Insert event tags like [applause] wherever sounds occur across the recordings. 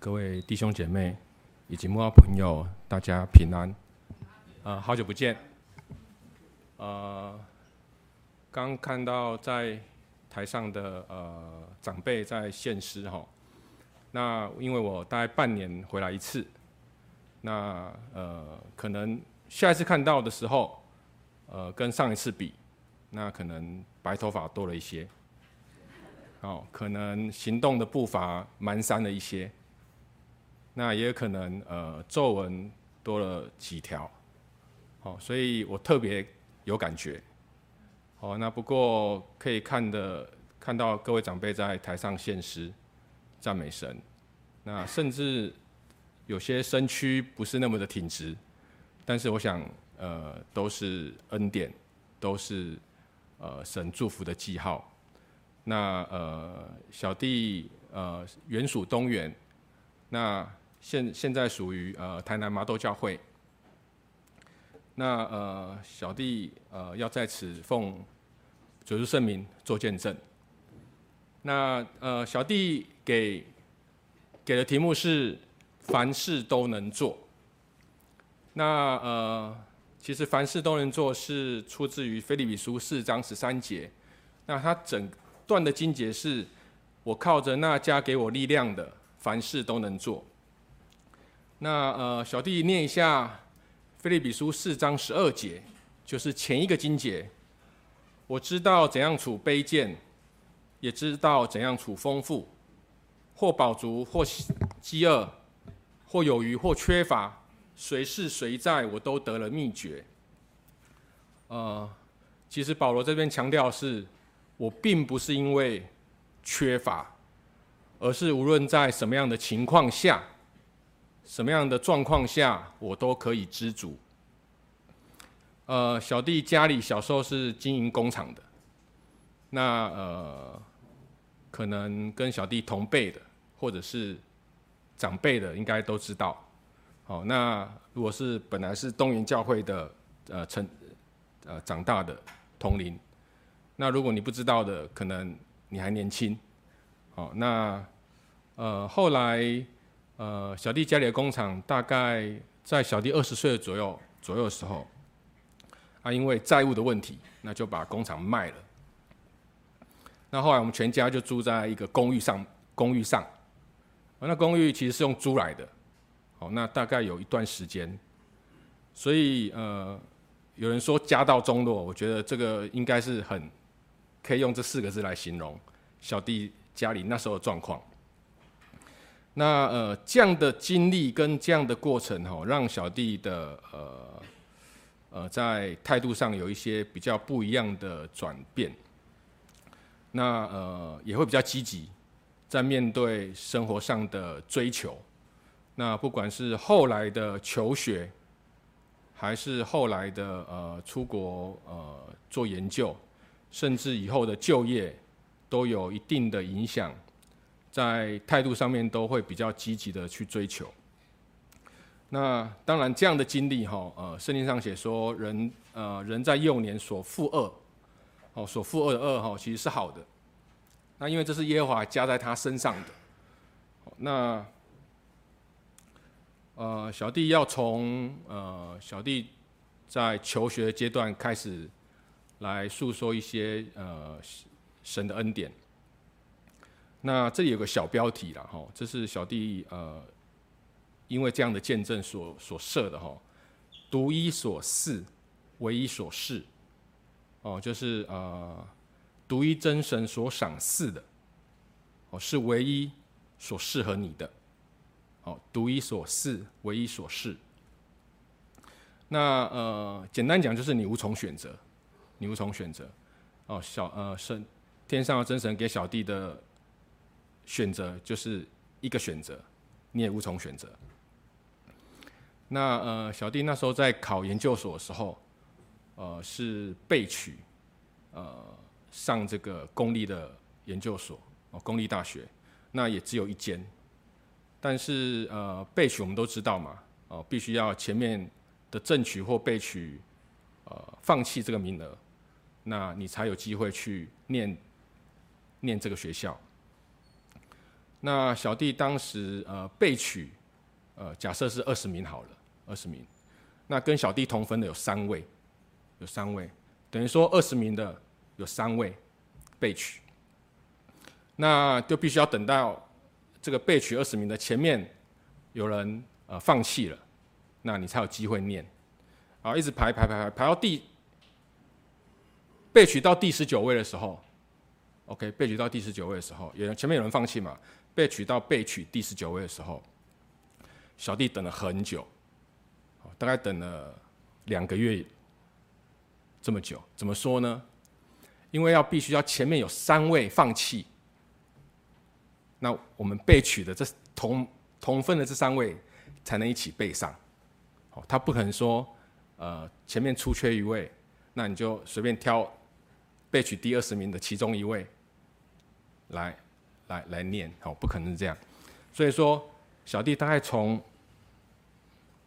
各位弟兄姐妹以及幕後朋友，大家平安。呃、啊，好久不見。呃，剛看到在台上的呃長輩在獻詩哈。那因為我大概半年回來一次，那呃可能下一次看到的時候，呃跟上一次比，那可能白頭髮多了一些。哦，可能行動的步伐蹣跚了一些，那也有可能，呃，皺紋多了幾條，哦，所以我特別有感覺。哦，那不過可以看的，看到各位長輩在台上獻詩、讚美神，那甚至有些身軀不是那麼的挺直，但是我想，呃，都是恩典，都是呃神祝福的記號。那呃小弟呃原屬東原，那現現在屬於呃台南麻豆教會。那呃小弟呃要在此奉主的聖名做見證。那呃小弟給給的題目是凡事都能做。那呃其實凡事都能做是出自於腓立比書四章十三節，那它整。段的經節是，我靠着那加給我力量的，凡事都能做。那呃，小弟念一下《腓立比書》四章十二節，就是前一個經節。我知道怎樣處卑賤，也知道怎樣處豐富，或飽足，或飢餓，或有餘，或缺乏，隨事隨在我都得了秘訣。呃，其實保羅這邊強調是。我並不是因為缺乏，而是無論在什麼樣的情況下，什麼樣的狀況下，我都可以知足。呃，小弟家裡小時候是經營工廠的，那呃，可能跟小弟同輩的或者是長輩的應該都知道。好，哦，那如果是本來是東源教會的呃成呃長大的同齡。那如果你不知道的，可能你還年輕，好，那呃後來呃小弟家裡的工廠大概在小弟二十歲左右左右的時候啊，因為債務的問題，那就把工廠賣了。那後來我們全家就住在一個公寓上，公寓上，那公寓其實是用租來的，好，那大概有一段時間，所以呃有人說家道中落，我覺得這個應該是很。可以用這四個字來形容小弟家裡那時候的狀況。那呃，這樣的經歷跟這樣的過程吼，讓小弟的呃呃，在態度上有一些比較不一樣的轉變。那呃，也會比較積極，在面對生活上的追求。那不管是後來的求學，還是後來的呃出國呃做研究。甚至以後的就業都有一定的影響，在態度上面都會比較積極的去追求。那當然這樣的經歷，哈，呃，聖經上寫說人，呃，人在幼年所負軛哦，所負軛的軛哈，其實是好的。那因為這是耶和華加在他身上的。那，呃，小弟要從，呃，小弟在求學階段開始。來訴說一些呃神的恩典。那這裡有個小標題了哈，這是小弟呃因為這樣的見證所所設的哈。獨一所賜，唯一所賜，哦，就是呃獨一真神所賞賜的，哦，是唯一所適合你的，哦，獨一所賜，唯一所賜。那呃簡單講就是你無從選擇。你無從選擇，哦，小呃，神天上的真神給小弟的選擇，就是一個選擇，你也無從選擇。那呃，小弟那時候在考研究所的時候，呃，是備取，呃，上這個公立的研究所，哦、呃，公立大學，那也只有一間。但是呃，備取我們都知道嘛，哦、呃，必須要前面的正取或備取，呃，放棄這個名額。那你才有機會去念念這個學校。那小弟當時呃被取，呃假設是二十名好了，二十名。那跟小弟同分的有三位，有三位，等於說二十名的有三位被取。那就必須要等到這個被取二十名的前面有人呃放棄了，那你才有機會念。好，一直排排排排排到第。被取到第十九位的時候，OK，備取到第十九位的時候，有人、OK，前面有人放棄嘛？備取到備取第十九位的時候，小弟等了很久，大概等了兩個月這麼久，怎麼說呢？因為要必須要前面有三位放棄，那我們備取的這同同分的這三位才能一起備上，哦，他不可能說呃前面出缺一位，那你就隨便挑。備取第二十名的其中一位，來來來念，哦，不可能是這樣，所以說小弟大概從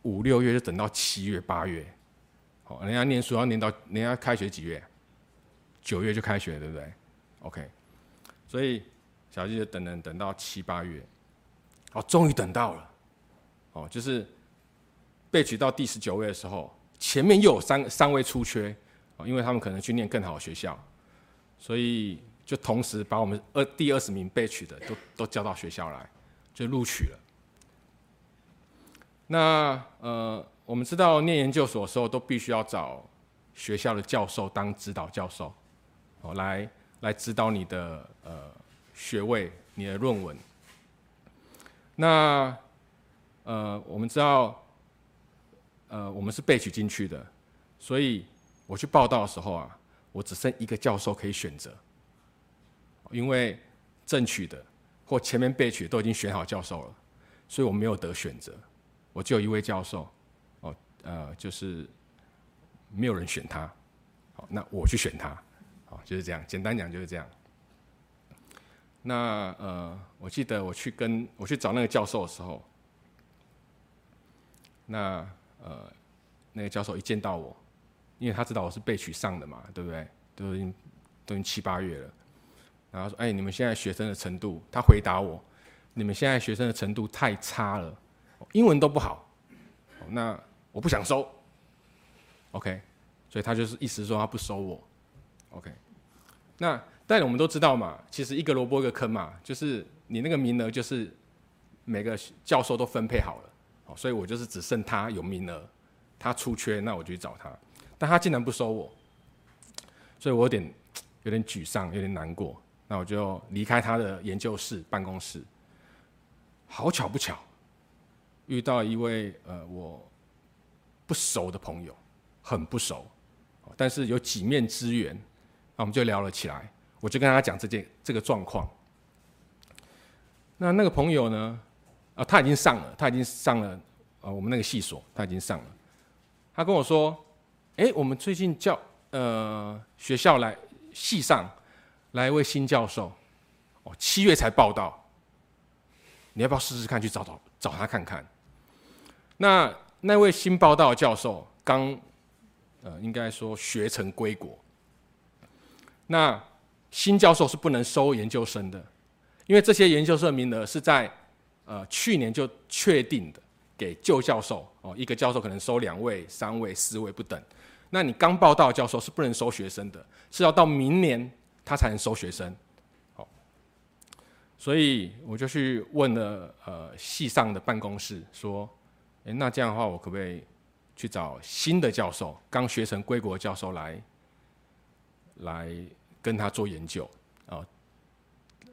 五六月就等到七月八月，哦，人家念書要念到人家開學幾月？九月就開學，對不對？OK，所以小弟就等等等到七八月，哦，終於等到了，哦就是備取到第十九位的時候，前面又有三三位出缺，哦，因為他們可能去念更好的學校。所以就同時把我們二第二十名被取的都都叫到學校來，就錄取了。那呃，我們知道念研究所的時候都必須要找學校的教授當指導教授，哦，來來指導你的呃學位、你的論文。那呃，我們知道，呃，我們是被取進去的，所以我去報到的時候啊。我只剩一個教授可以選擇，因為正取的或前面備取的，都已經選好教授了，所以我沒有得選擇，我只有一位教授，哦，呃，就是沒有人選他，好，那我去選他，好，就是這樣，簡單講就是這樣。那呃，我記得我去跟我去找那個教授的時候，那呃，那個教授一見到我。因為他知道我是被取上的嘛，對不對？都已經都已經七八月了，然後說：“哎，你們現在學生的程度。”他回答我：“你們現在學生的程度太差了，英文都不好。”那我不想收，OK？所以他就是意思說他不收我，OK？那但我們都知道嘛，其實一個蘿蔔一個坑嘛，就是你那個名額就是每個教授都分配好了，所以，我就是只剩他有名額，他出缺，那我就去找他。但他竟然不收我，所以我有點有點沮喪，有點難過。那我就離開他的研究室辦公室。好巧不巧，遇到一位呃我不熟的朋友，很不熟，但是有幾面之緣，那我們就聊了起來。我就跟他講這件這個狀況。那那個朋友呢？啊、呃，他已經上了，他已經上了啊、呃，我們那個系所，他已經上了。他跟我說。哎，我們最近教、呃學校來系上來一位新教授，哦，七月才報到，你要不要試試看去找找找他看看？那那位新報到的教授剛、呃應該說學成歸國。那新教授是不能收研究生的，因為這些研究生名額是在呃去年就確定的，給舊教授，哦，一個教授可能收兩位、三位、四位不等。那你剛報到教授是不能收學生的，是要到明年他才能收學生，好，所以我就去問了呃系上的辦公室說，誒那這樣的話我可不可以去找新的教授，剛學成歸國的教授來，來跟他做研究啊，呃，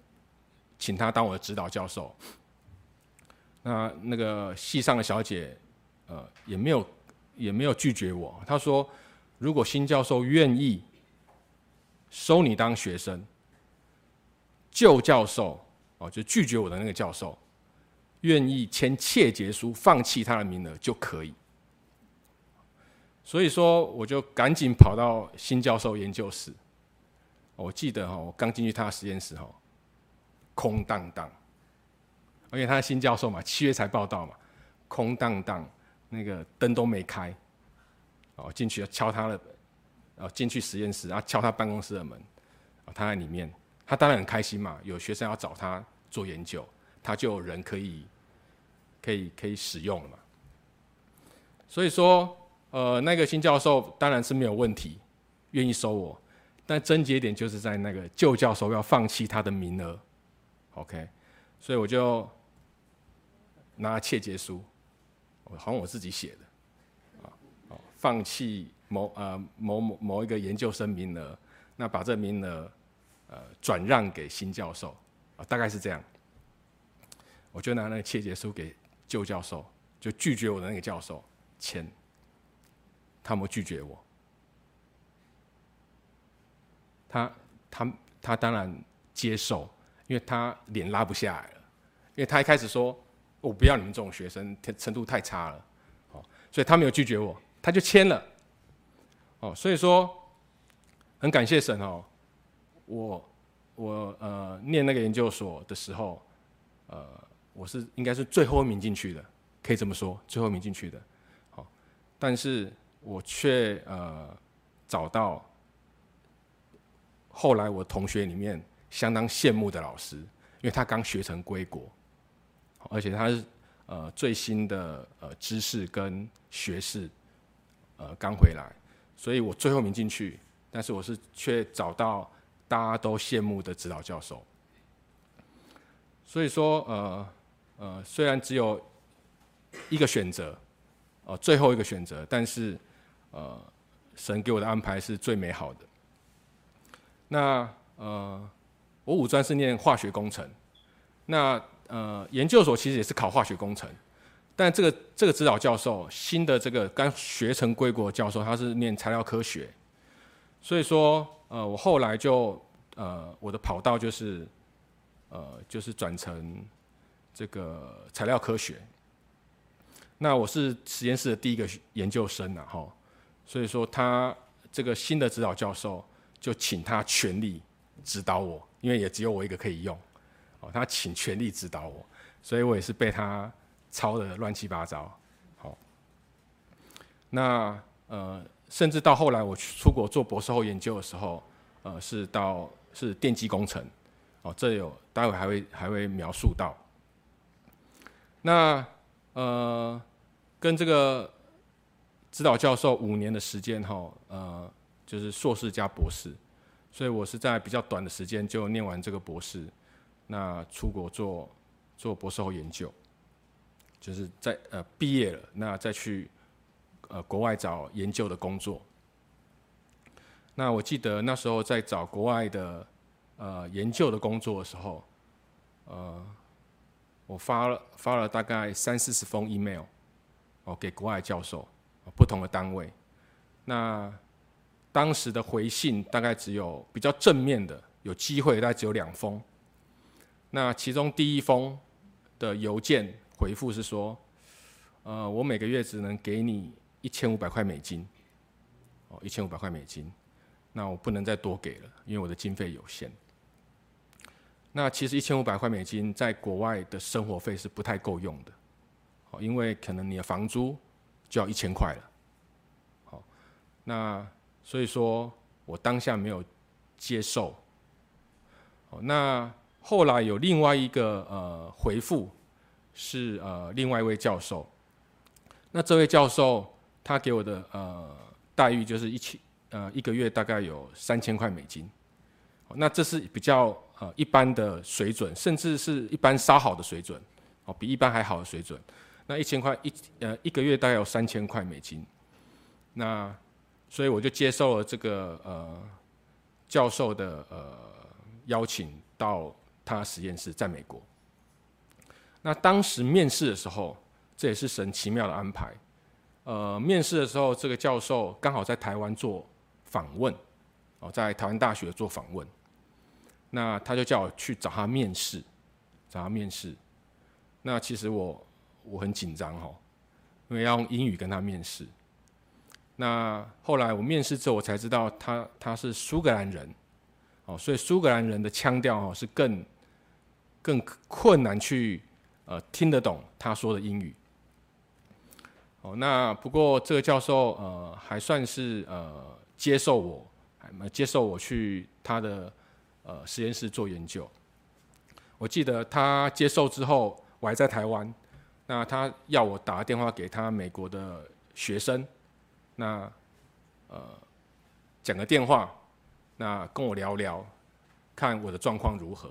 請他當我的指導教授。那那個系上的小姐呃也沒有也沒有拒絕我，她說。如果新教授願意收你當學生，舊教授哦，就拒絕我的那個教授，願意簽切結書，放棄他的名額就可以。所以說，我就趕緊跑到新教授研究室。我記得哈，我剛進去他的實驗室哈，空荡蕩，而且他的新教授嘛，七月才報到嘛，空荡蕩，那個燈都沒開。哦，進去要敲他的，哦、啊，進去實驗室，然、啊、後敲他辦公室的門、啊，他在裡面，他當然很開心嘛，有學生要找他做研究，他就有人可以，可以可以使用了嘛。所以說，呃，那個新教授當然是沒有問題，願意收我，但症結點就是在那個舊教授要放棄他的名額，OK，所以我就拿切結書，好像我自己寫的。放棄某呃某某某一個研究生名額，那把這名額呃轉讓給新教授，哦，大概是這樣。我就拿那個切結書給舊教授，就拒絕我的那個教授簽，他沒有拒絕我。他他他當然接受，因為他臉拉不下來了，因為他一開始說，哦，我不要你們這種學生，程度太差了，哦，所以他沒有拒絕我。他就簽了，哦，所以說很感謝神哦。我我呃念那個研究所的時候，呃，我是應該是最後一名進去的，可以這麼說，最後一名進去的，哦，但是我卻呃找到後來我同學裡面相當羨慕的老師，因為他剛學成歸國，而且他是呃最新的呃知識跟學識。呃，剛回來，所以我最後沒進去，但是我是卻找到大家都羨慕的指導教授，所以說，呃呃，雖然只有一個選擇，呃，最後一個選擇，但是呃，神給我的安排是最美好的。那呃，我五專是念化學工程，那呃，研究所其實也是考化學工程。但這個這個指導教授，新的這個剛學成歸國的教授，他是念材料科學，所以說，呃，我後來就，呃，我的跑道就是，呃，就是轉成這個材料科學。那我是實驗室的第一個學研究生了、啊、哈，所以說他這個新的指導教授就請他全力指導我，因為也只有我一個可以用，哦，他請全力指導我，所以我也是被他。抄的亂七八糟，好，那呃，甚至到後來我去出國做博士後研究的時候，呃，是到是電機工程，哦，這裡有待會還會還會描述到，那呃，跟這個指導教授五年的時間哈，呃，就是碩士加博士，所以我是在比較短的時間就念完這個博士，那出國做做博士後研究。就是在呃畢業了，那再去呃國外找研究的工作。那我記得那時候在找國外的呃研究的工作的時候，呃，我發了發了大概三四十封 email 哦給國外教授，哦，不同的單位。那當時的回信大概只有比較正面的，有機會大概只有兩封。那其中第一封的郵件。回復是說，呃，我每個月只能給你一千五百塊美金，哦，一千五百塊美金，那我不能再多給了，因為我的經費有限。那其實一千五百塊美金在國外的生活費是不太夠用的，哦，因為可能你的房租就要一千塊了，好，那所以說我當下沒有接受。哦，那後來有另外一個呃回復。是呃，另外一位教授。那這位教授他給我的呃待遇就是一千呃一個月大概有三千塊美金。那這是比較呃一般的水準，甚至是一般稍好的水準哦，比一般還好的水準。那一千塊一呃一個月大概有三千塊美金。那所以我就接受了這個呃教授的呃邀請，到他實驗室在美國。那當時面試的時候，這也是神奇妙的安排。呃，面試的時候，這個教授剛好在台灣做訪問，哦，在台灣大學做訪問。那他就叫我去找他面試，找他面試。那其實我我很緊張哦，因為要用英語跟他面試。那後來我面試之後，我才知道他他是蘇格蘭人，哦，所以蘇格蘭人的腔調哦是更更困難去，呃，聽得懂他說的英語。哦，那不過這個教授呃，還算是呃，接受我，還接受我去他的呃實驗室做研究。我記得他接受之後，我還在台灣，那他要我打個電話給他美國的學生，那呃講個電話，那跟我聊聊，看我的狀況如何。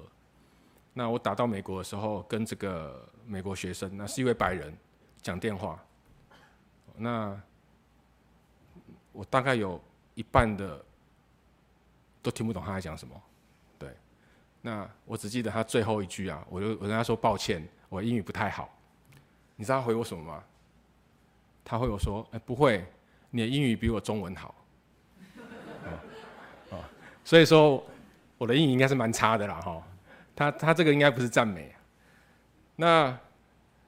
那我打到美國的時候，跟這個美國學生，那是一位白人，講電話。那我大概有一半的都聽不懂他在講什麼，對。那我只記得他最後一句啊，我就我跟他說抱歉，我英語不太好。你知道他回我什麼嗎？他回我說：“哎、欸，不會，你的英語比我中文好。” [laughs] 哦哦，所以說我的英語應該是蠻差的啦，哈。他他這個應該不是讚美啊，那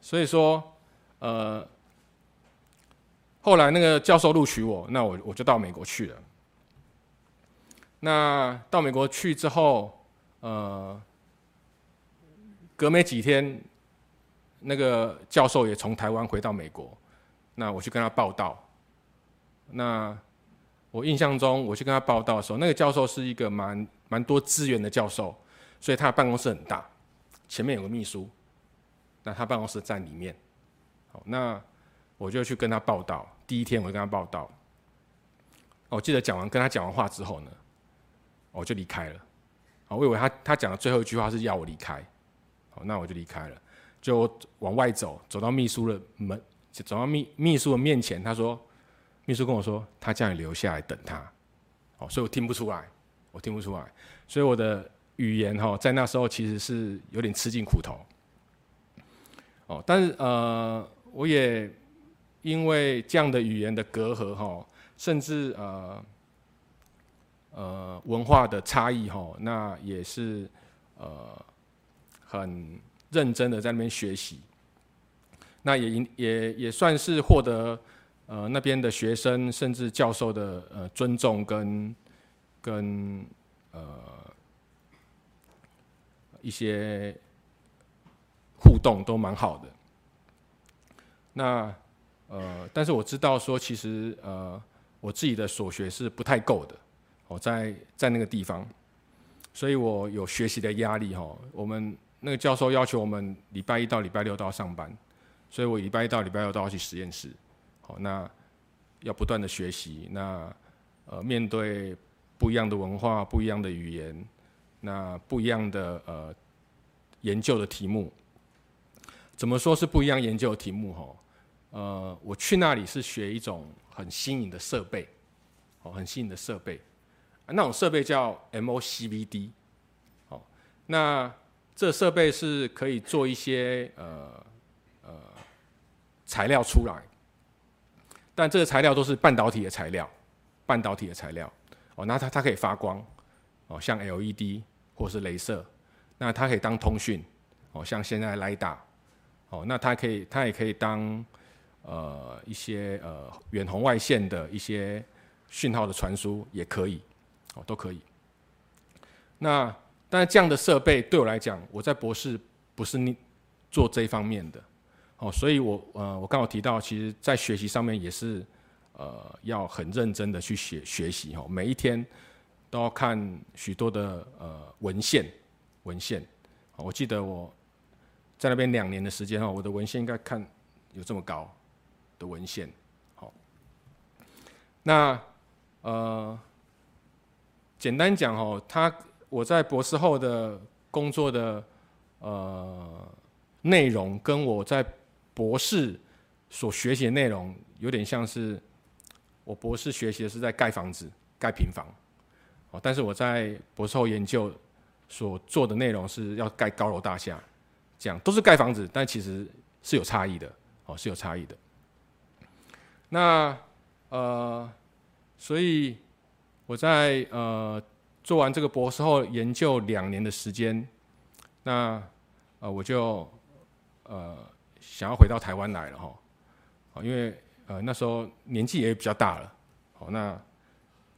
所以說，呃，後來那個教授錄取我，那我我就到美國去了。那到美國去之後，呃，隔沒幾天，那個教授也從台灣回到美國，那我去跟他報到。那我印象中，我去跟他報到的時候，那個教授是一個蠻蠻多資源的教授。所以他的辦公室很大，前面有個秘書，那他辦公室在裡面。好，那我就去跟他報道。第一天，我就跟他報道。我記得講完跟他講完話之後呢，我就離開了。哦，我以為他他講的最後一句話是要我離開。哦，那我就離開了，就往外走，走到秘書的門，走到秘秘書的面前，他說：“秘書跟我說，他叫你留下來等他。”哦，所以我聽不出來，我聽不出來，所以我的。語言哈，在那時候其實是有點吃盡苦頭。哦，但是呃，我也因為這樣的語言的隔閡哈，甚至呃呃文化的差異哈，那也是呃很認真的在那邊學習。那也也也算是獲得呃那邊的學生甚至教授的呃尊重跟跟呃。一些互動都蠻好的。那呃，但是我知道說，其實呃，我自己的所學是不太夠的。我、哦、在在那個地方，所以我有學習的壓力哈、哦。我們那個教授要求我們禮拜一到禮拜六都要上班，所以我禮拜一到禮拜六都要去實驗室。好、哦，那要不斷的學習。那呃，面對不一樣的文化，不一樣的語言。那不一樣的呃研究的題目，怎麼說是不一樣研究的題目？哈，呃，我去那裡是學一種很新穎的設備，哦，很新穎的設備，那種設備叫 MOCVD，哦，那這設備是可以做一些呃呃材料出來，但這個材料都是半導體的材料，半導體的材料，哦，那它它可以發光，哦，像 LED。或是雷射，那它可以當通訊，哦，像現在 LIDAR 哦，那它可以，它也可以當，呃，一些呃遠紅外線的一些訊號的傳輸也可以，哦，都可以。那但是這樣的設備對我來講，我在博士不是做這一方面的，哦，所以我呃我剛好提到，其實在學習上面也是呃要很認真的去學學習哦，每一天。都要看許多的呃文獻，文獻，我記得我在那邊兩年的時間哈，我的文獻應該看有這麼高的文獻，好，那呃，簡單講哦，他我在博士後的工作的呃內容跟我在博士所學習的內容有點像是，我博士學習的是在蓋房子，蓋平房。哦，但是我在博士後研究所做的內容是要蓋高樓大廈，這樣都是蓋房子，但其實是有差異的，哦，是有差異的。那呃，所以我在呃做完這個博士後研究兩年的時間，那呃我就呃想要回到台灣來了哈，啊，因為呃那時候年紀也比較大了，哦，那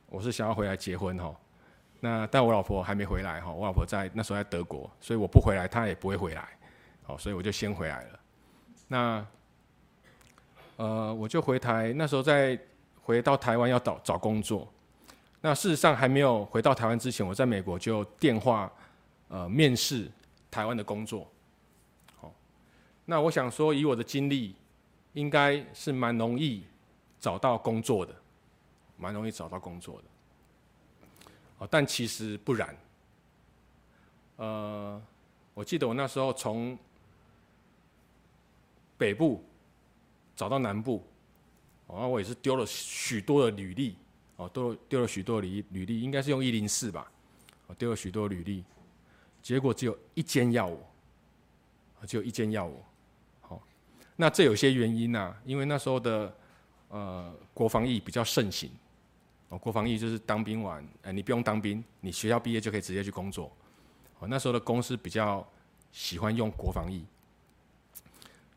我是想要回來結婚哈。那但我老婆還沒回來哈，我老婆在那時候在德國，所以我不回來，她也不會回來，好，所以我就先回來了。那呃，我就回台，那時候在回到台灣要找找工作。那事實上還沒有回到台灣之前，我在美國就電話呃面試台灣的工作。那我想說，以我的經歷，應該是蠻容易找到工作的，蠻容易找到工作的。但其實不然，呃，我記得我那時候從北部找到南部，哦，我也是丟了許多的履歷，哦，丢丟了許多履履歷，應該是用一零四吧，我丟了許多履歷，結果只有一間要我，只有一間要我，好，那這有些原因吶、啊，因為那時候的呃國防役比較盛行。國防役就是當兵完，呃，你不用當兵，你學校畢業就可以直接去工作。我那時候的公司比較喜歡用國防役，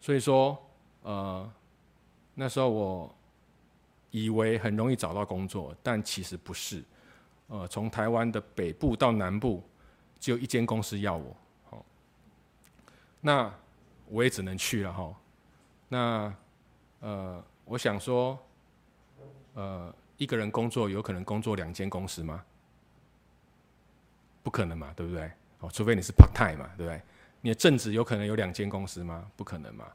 所以說，呃，那時候我以為很容易找到工作，但其實不是。呃，從台灣的北部到南部，只有一間公司要我，好，那我也只能去了哈。那，呃，我想說，呃。一個人工作有可能工作兩間公司嗎？不可能嘛，對不對？哦，除非你是 part time 嘛，對不對？你的正職有可能有兩間公司嗎？不可能嘛，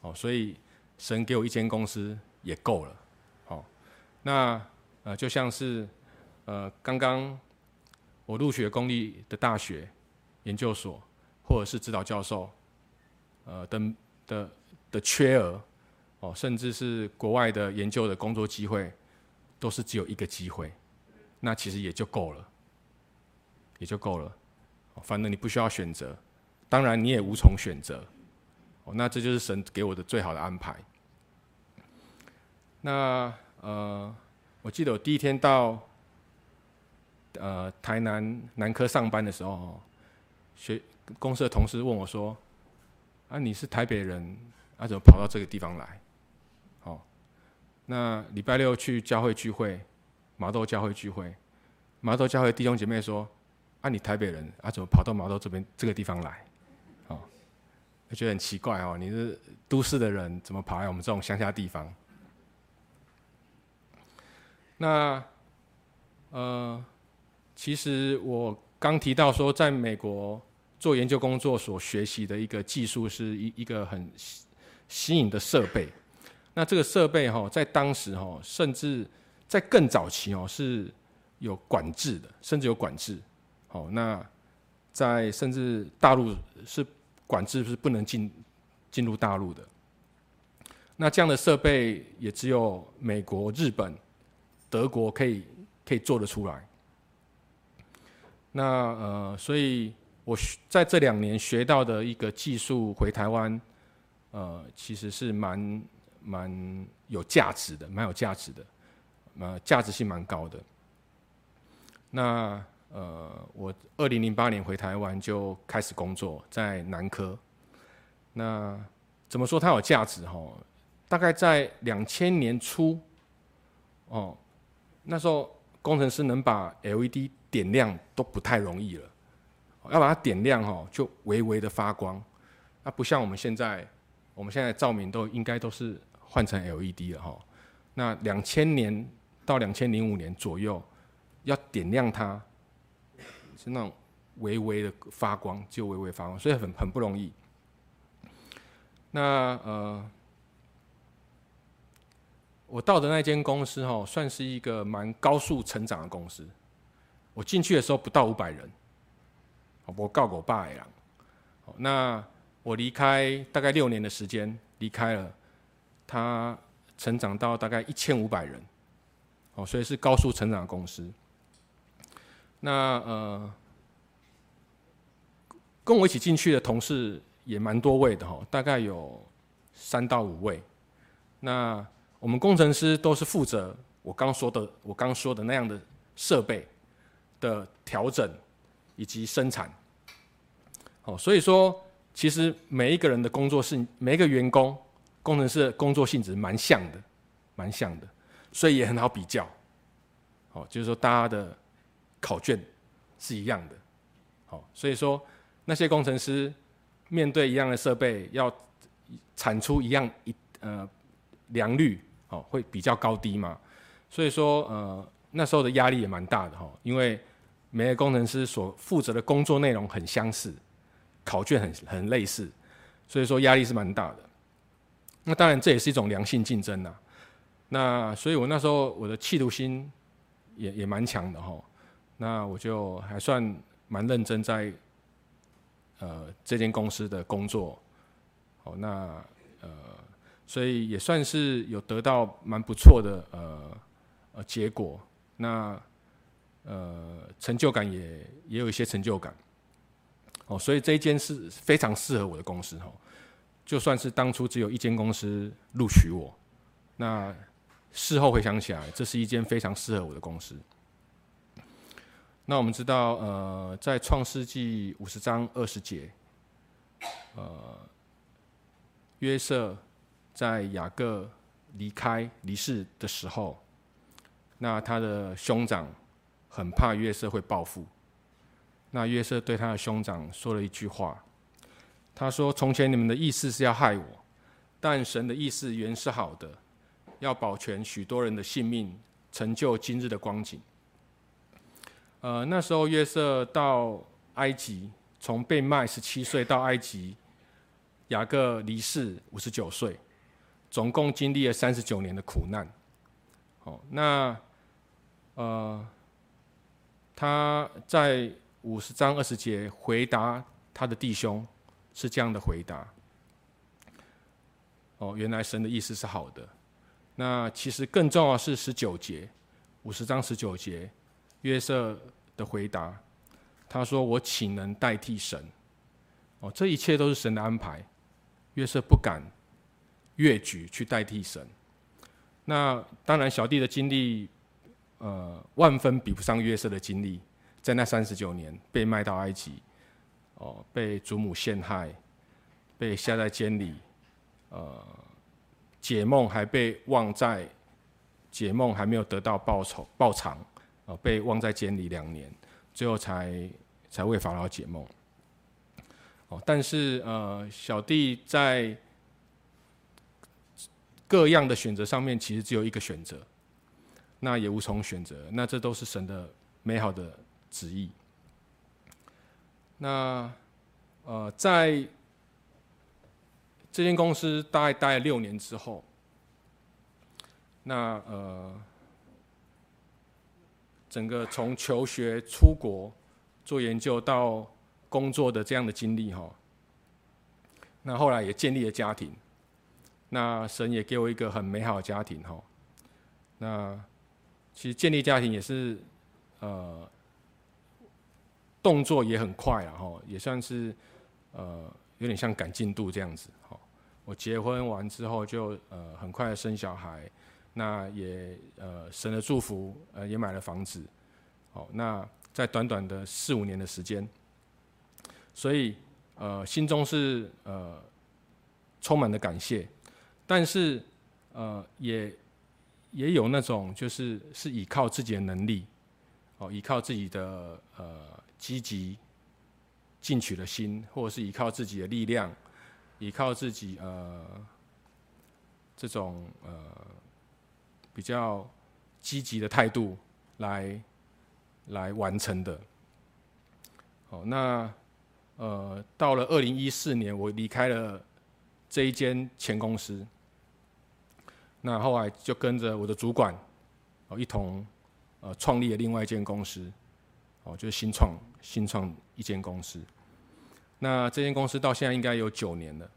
哦，所以神給我一間公司也夠了。哦，那呃就像是呃剛剛我入學公立的大學研究所或者是指導教授呃等的的缺額哦，甚至是國外的研究的工作機會，都是只有一個機會，那其實也就夠了，也就夠了。反正你不需要選擇，當然你也無從選擇。哦，那這就是神給我的最好的安排。那呃，我記得我第一天到呃台南南科上班的時候，哦，學公司的同事問我說：“啊，你是台北人，啊怎麼跑到這個地方來？”那禮拜六去教會聚會，麻豆教會聚會，麻豆教會弟兄姐妹說：“啊，你台北人啊，怎麼跑到麻豆這邊這個地方來？哦，我覺得很奇怪哦，你是都市的人，怎麼跑來我們這種鄉下地方？”那，呃，其實我剛提到說，在美國做研究工作所學習的一個技術，是一一個很新穎的設備。那這個設備哈，在當時哈，甚至在更早期哦，是有管制的，甚至有管制。哦，那在甚至大陸是管制，是不能進進入大陸的。那這樣的設備也只有美國、日本、德國可以可以做得出來。那呃，所以我在這兩年學到的一個技術回台灣，呃，其實是蠻。蠻有價值的，蠻有價值的，呃，價值性蠻高的。那呃，我二零零八年回台灣就開始工作，在南科。那怎麼說它有價值？哈、哦，大概在兩千年初，哦，那時候工程師能把 LED 點亮都不太容易了，要把它點亮，哈，就微微的發光。那不像我們現在，我們現在照明都應該都是。換成 LED 了哈，那兩千年到兩千零五年左右，要點亮它，是那種微微的發光，就微微發光，所以很很不容易。那呃，我到的那間公司哦，算是一個蠻高速成長的公司。我進去的時候不到五百人，人我告過我爸一樣。那我離開大概六年的時間，離開了。他成長到大概一千五百人，哦，所以是高速成長公司。那呃，跟我一起進去的同事也蠻多位的哈，大概有三到五位。那我們工程師都是負責我剛說的，我剛說的那樣的設備的調整以及生產。哦，所以說其實每一個人的工作是每一個員工。工程師的工作性質蠻像的，蠻像的，所以也很好比較。好、哦，就是說大家的考卷是一樣的，好、哦，所以說那些工程師面對一樣的設備，要產出一樣一呃良率，哦會比較高低嘛。所以說呃那時候的壓力也蠻大的哈、哦，因為每個工程師所負責的工作內容很相似，考卷很很類似，所以說壓力是蠻大的。那當然，這也是一種良性競爭啦，啊，那所以，我那時候我的企圖心也也蠻強的齁。那我就還算蠻認真在呃這間公司的工作。哦，那呃，所以也算是有得到蠻不錯的呃呃結果。那呃成就感也也有一些成就感。哦，所以這一間是非常適合我的公司哦。就算是當初只有一間公司錄取我，那事後回想起來，這是一間非常適合我的公司。那我們知道，呃，在創世紀五十章二十節，呃，約瑟在雅各離開離世的時候，那他的兄長很怕約瑟會報復，那約瑟對他的兄長說了一句話。他說：“從前你們的意思是要害我，但神的意思原是好的，要保全許多人的性命，成就今日的光景。”呃，那時候約瑟到埃及，從被賣十七歲到埃及，雅各離世五十九歲，總共經歷了三十九年的苦難。好、哦，那呃，他在五十章二十節回答他的弟兄。是這樣的回答。哦，原來神的意思是好的。那其實更重要是十九節五十章十九節約瑟的回答。他說：“我豈能代替神？”哦，這一切都是神的安排。約瑟不敢越矩去代替神。那當然，小弟的經歷呃，萬分比不上約瑟的經歷。在那三十九年被賣到埃及。哦，被祖母陷害，被下在監裡，呃，解夢還被忘在，解夢還沒有得到報酬報償，哦、呃，被忘在監裡兩年，最後才才為法老解夢。哦，但是呃，小弟在各樣的選擇上面，其實只有一個選擇，那也無從選擇，那這都是神的美好的旨意。那，呃，在這間公司大概待了六年之後，那呃，整個從求學出國做研究到工作的這樣的經歷哈、哦，那後來也建立了家庭，那神也給我一個很美好的家庭哈、哦，那其實建立家庭也是呃。動作也很快啊，也算是，呃，有點像趕進度這樣子。我結婚完之後就呃很快生小孩，那也呃神的祝福，呃，也買了房子，哦，那在短短的四五年的時間，所以呃心中是呃充滿了感謝，但是呃也也有那種就是是依靠自己的能力，哦，依靠自己的呃。積極進取的心，或者是依靠自己的力量，依靠自己呃這種呃比較積極的態度來來完成的。好，那呃到了二零一四年，我離開了這一間前公司，那後來就跟着我的主管，一同呃創立了另外一間公司。哦，就是新創新創一間公司，那這間公司到現在應該有九年了。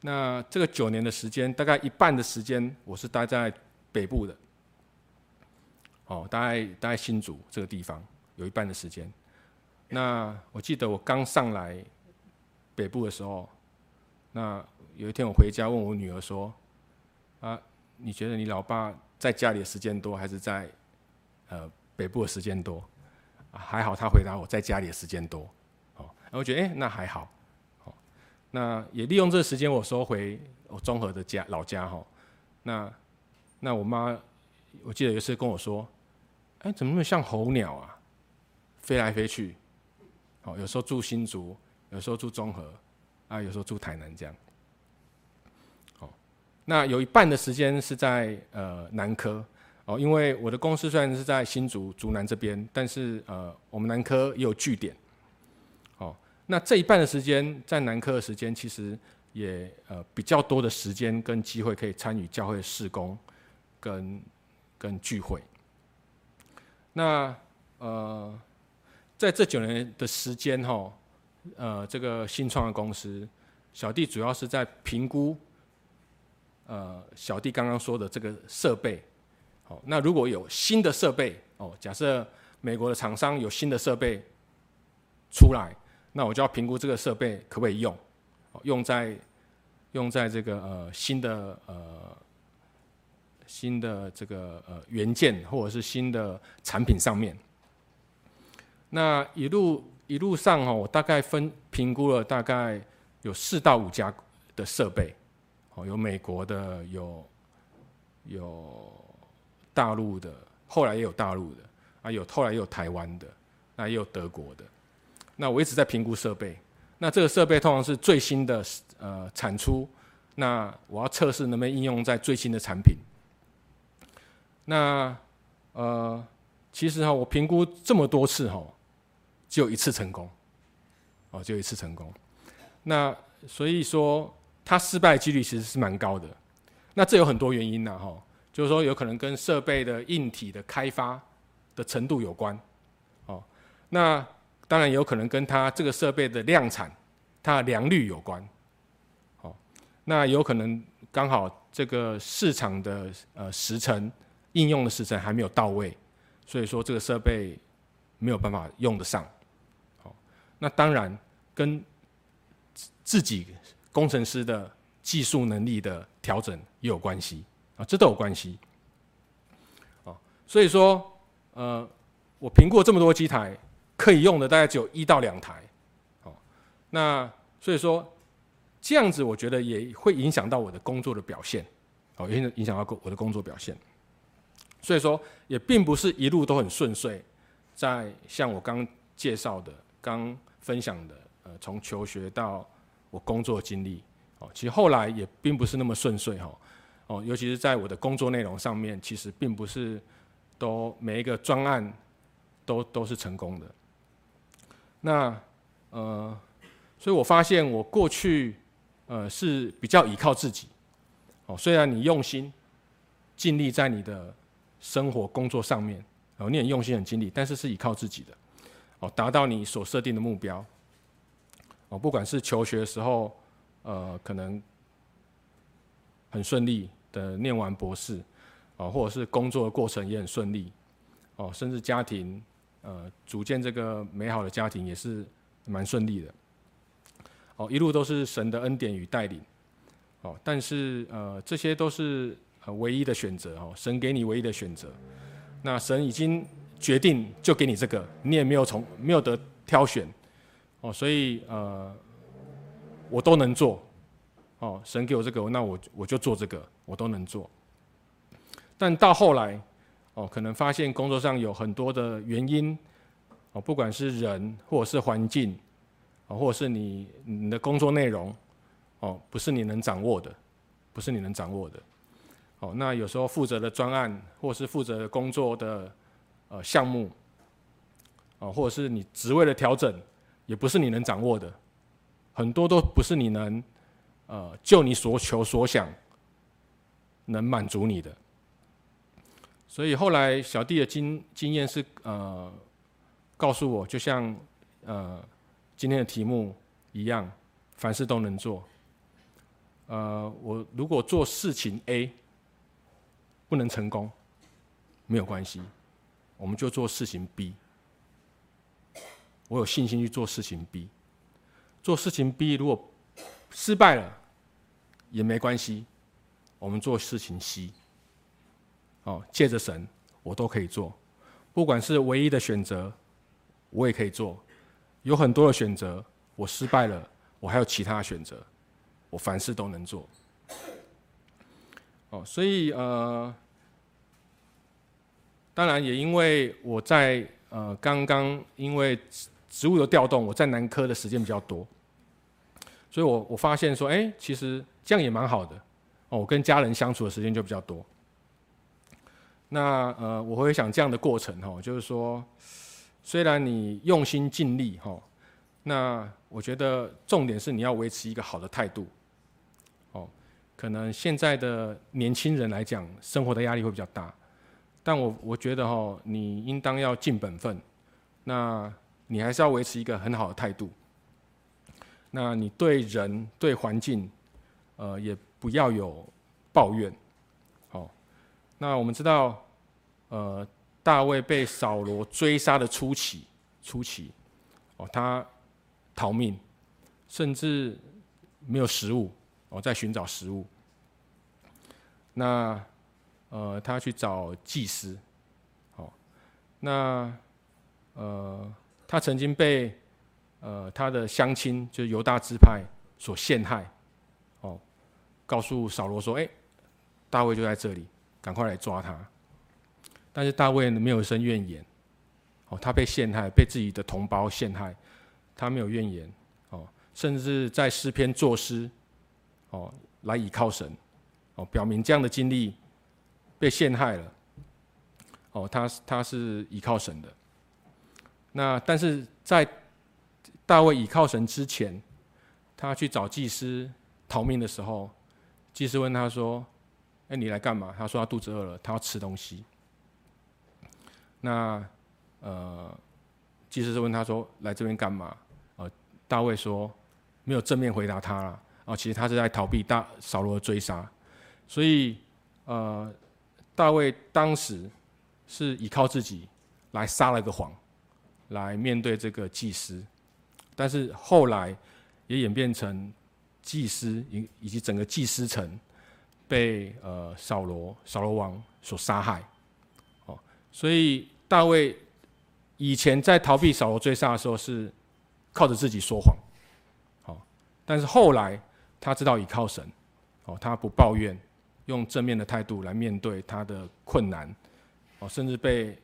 那這個九年的時間，大概一半的時間我是待在北部的，哦，大概，大概新竹這個地方有一半的時間。那我記得我剛上來北部的時候，那有一天我回家問我女兒說：“啊，你覺得你老爸在家裡的時間多，還是在呃北部的時間多？”還好，他回答我在家裡的時間多，哦，然後覺得誒、欸、那還好，哦，那也利用這個時間，我說回我中和的家老家哈，那那我媽我記得有一次跟我說，哎、欸、怎麼那麼像候鳥啊，飛來飛去，哦有時候住新竹，有時候住中和，啊有時候住台南這樣，哦，那有一半的時間是在呃南科。哦，因為我的公司雖然是在新竹竹南這邊，但是呃，我們南科也有據點。哦，那這一半的時間在南科的時間，其實也呃比較多的時間跟機會可以參與教會的事工跟，跟跟聚會。那呃，在這九年的時間哈、哦，呃，這個新創的公司，小弟主要是在評估，呃，小弟剛剛說的這個設備。好，那如果有新的設備哦，假設美國的廠商有新的設備出來，那我就要評估這個設備可不可以用哦，用在用在這個呃新的呃新的這個呃元件或者是新的產品上面。那一路一路上哦，我大概分評估了大概有四到五家的設備，哦，有美國的，有有，大陸的，後來也有大陸的啊，有後來也有台灣的，那、啊、也有德國的。那我一直在評估設備，那這個設備通常是最新的呃產出，那我要測試能不能應用在最新的產品。那呃，其實哈，我評估這麼多次哈，只有一次成功，哦，只有一次成功。那所以說，它失敗幾率其實是蠻高的。那這有很多原因呢、啊。哈。就是說，有可能跟設備的硬體的開發的程度有關，哦，那當然有可能跟它這個設備的量產、它的良率有關，哦，那有可能剛好這個市場的呃時程、應用的時程還沒有到位，所以說這個設備沒有辦法用得上，哦，那當然跟自己工程師的技術能力的調整也有關係。啊，這都有關係，哦，所以說，呃，我評估這麼多機台可以用的，大概只有一到兩台，哦，那所以說，這樣子我覺得也會影響到我的工作的表現，哦，影影響到工我的工作表現，所以說也並不是一路都很順遂，在像我剛介紹的、剛分享的，呃，從求學到我工作經歷，哦，其實後來也並不是那麼順遂，哈、哦。哦，尤其是在我的工作內容上面，其實並不是都每一個專案都都是成功的。那呃，所以我發現我過去呃是比較依靠自己。哦、呃，雖然你用心盡力在你的生活、工作上面，哦、呃，你很用心、很盡力，但是是依靠自己的，哦、呃，達到你所設定的目標。哦、呃，不管是求學的時候，呃，可能很順利。呃，念完博士，啊、哦，或者是工作的過程也很順利，哦，甚至家庭，呃，組建這個美好的家庭也是蠻順利的，哦，一路都是神的恩典與帶領，哦，但是呃，這些都是呃唯一的選擇哦，神給你唯一的選擇，那神已經決定就給你這個，你也沒有從沒有得挑選，哦，所以呃，我都能做，哦，神給我這個，那我我就做這個。我都能做，但到後來，哦，可能發現工作上有很多的原因，哦，不管是人或者是環境，啊、哦，或者是你你的工作內容，哦，不是你能掌握的，不是你能掌握的，哦，那有時候負責的專案或者是負責工作的呃項目，啊、哦，或者是你職位的調整，也不是你能掌握的，很多都不是你能，呃，就你所求所想。能滿足你的，所以後來小弟的經經驗是，呃，告訴我，就像呃今天的題目一樣，凡事都能做。呃，我如果做事情 A 不能成功，沒有關係，我們就做事情 B。我有信心去做事情 B，做事情 B 如果失敗了也沒關係。我們做事情，稀哦，借着神，我都可以做。不管是唯一的選擇，我也可以做。有很多的選擇，我失敗了，我還有其他選擇。我凡事都能做。哦，所以呃，當然也因為我在呃剛剛因為職職務的調動，我在南科的時間比較多，所以我我發現說，哎，其實這樣也蠻好的。我跟家人相處的時間就比較多。那呃，我會想這樣的過程哈，就是說，雖然你用心盡力哈，那我覺得重點是你要維持一個好的態度。哦，可能現在的年輕人來講，生活的壓力會比較大，但我我覺得哈，你應當要盡本分，那你還是要維持一個很好的態度。那你對人對環境，呃，也。不要有抱怨，哦，那我們知道，呃，大衛被掃羅追殺的初期，初期，哦，他逃命，甚至沒有食物，哦，在尋找食物。那，呃，他去找祭司，哦，那，呃，他曾經被，呃，他的鄉親，就是猶大支派所陷害。告訴掃羅說：“哎，大衛就在這裡，趕快來抓他。”但是大衛呢，沒有一聲怨言，哦，他被陷害，被自己的同胞陷害，他沒有怨言，哦，甚至在詩篇作詩，哦，來倚靠神，哦，表明這樣的經歷被陷害了，哦，他他是倚靠神的。那但是在大衛倚靠神之前，他去找祭司逃命的時候。祭司問他說：“哎、欸，你來幹嘛？”他說：“他肚子餓了，他要吃東西。那”那呃，祭司就問他說：“來這邊幹嘛？”呃，大衛說：“沒有正面回答他了。呃”哦，其實他是在逃避大掃羅的追殺，所以呃，大衛當時是依靠自己來撒了個謊，來面對這個祭司，但是後來也演變成。祭司以以及整個祭司城被呃、掃羅掃羅王所殺害，哦，所以大衛以前在逃避掃羅追殺的時候是靠着自己說謊，哦，但是後來他知道倚靠神，哦，他不抱怨，用正面的態度來面對他的困難，哦，甚至被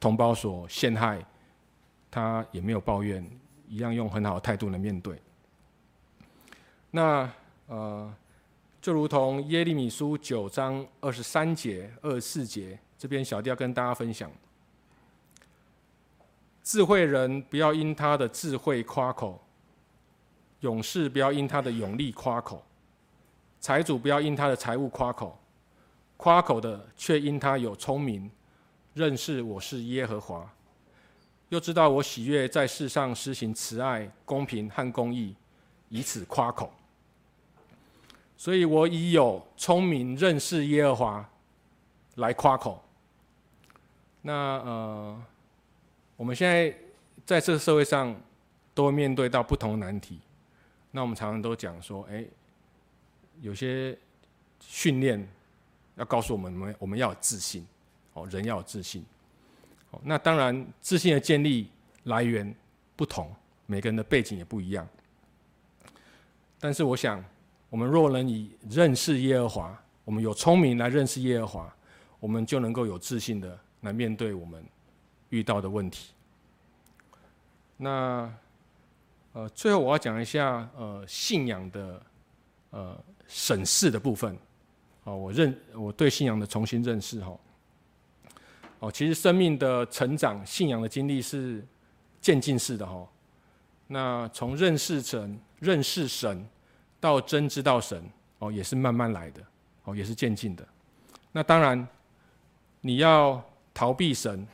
同胞所陷害，他也沒有抱怨，一樣用很好的態度來面對。那呃，就如同耶利米書九章二十三節、二十四節，這邊小弟要跟大家分享：智慧人不要因他的智慧誇口，勇士不要因他的勇力誇口，財主不要因他的財物誇口，誇口的卻因他有聰明，認識我是耶和華，又知道我喜悅在世上施行慈愛、公平和公義，以此誇口。所以我以有聰明認識耶和華來誇口。那呃，我們現在在這個社會上都會面對到不同的難題。那我們常常都講說，哎、欸，有些訓練要告訴我們，我們，我們我們要有自信，哦，人要有自信。那當然自信的建立來源不同，每個人的背景也不一樣。但是我想。我們若能以認識耶和華，我們有聰明來認識耶和華，我們就能夠有自信的來面對我們遇到的問題。那呃，最後我要講一下呃信仰的呃審視的部分啊、哦，我認我對信仰的重新認識哈哦，哦，其實生命的成長、信仰的經歷是漸進式的哈、哦。那從認識神認識神。到真知道神哦，也是慢慢來的哦，也是漸進的。那當然，你要逃避神，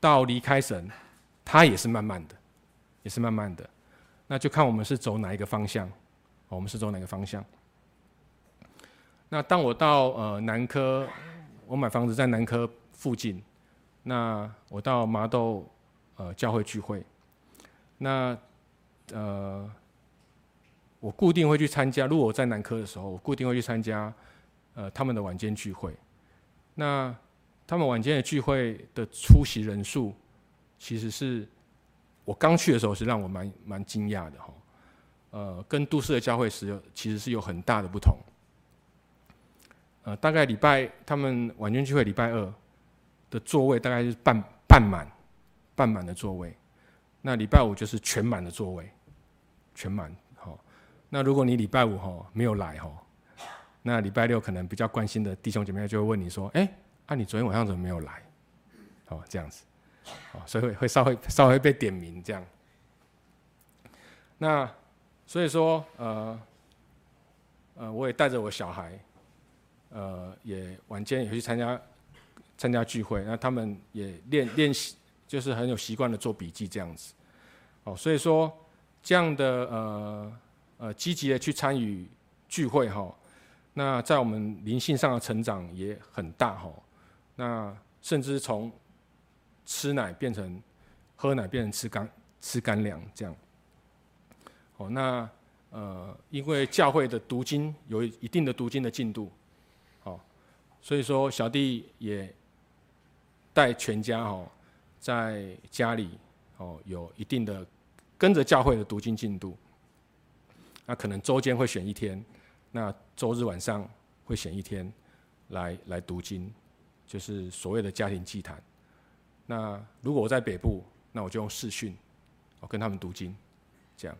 到離開神，他也是慢慢的，也是慢慢的。那就看我們是走哪一個方向，哦，我們是走哪個方向。那當我到呃南科，我買房子在南科附近，那我到麻豆呃教會聚會，那呃。我固定會去參加。如果我在南科的時候，我固定會去參加，呃，他們的晚間聚會。那他們晚間的聚會的出席人數，其實是我剛去的時候是讓我蠻蠻驚訝的哈、哦。呃，跟都市的教會時有其實是有很大的不同。呃，大概禮拜他們晚間聚會禮拜二的座位大概是半半滿，半滿的座位。那禮拜五就是全滿的座位，全滿。那如果你禮拜五吼、哦、沒有來吼、哦，那禮拜六可能比較關心的弟兄姐妹就會問你說，哎、欸，那、啊、你昨天晚上怎麼沒有來？哦，這樣子，哦，所以會會稍微稍微被點名這樣。那所以說，呃，呃，我也帶着我小孩，呃，也晚間也會去參加參加聚會，那他們也練練習，就是很有習慣的做筆記這樣子。哦，所以說這樣的呃。呃，積極的去參與聚會哈，哦，那在我們靈性上的成長也很大哈，哦。那甚至從吃奶變成喝奶，變成吃乾吃乾糧這樣。哦，那呃，因為教會的讀經有一定的讀經的進度，哦。所以說小弟也帶全家哦，在家裡哦有一定的跟着教會的讀經進度。那可能週間會選一天，那周日晚上會選一天來來讀經，就是所謂的家庭祭壇。那如果我在北部，那我就用視訊，我跟他們讀經，這樣。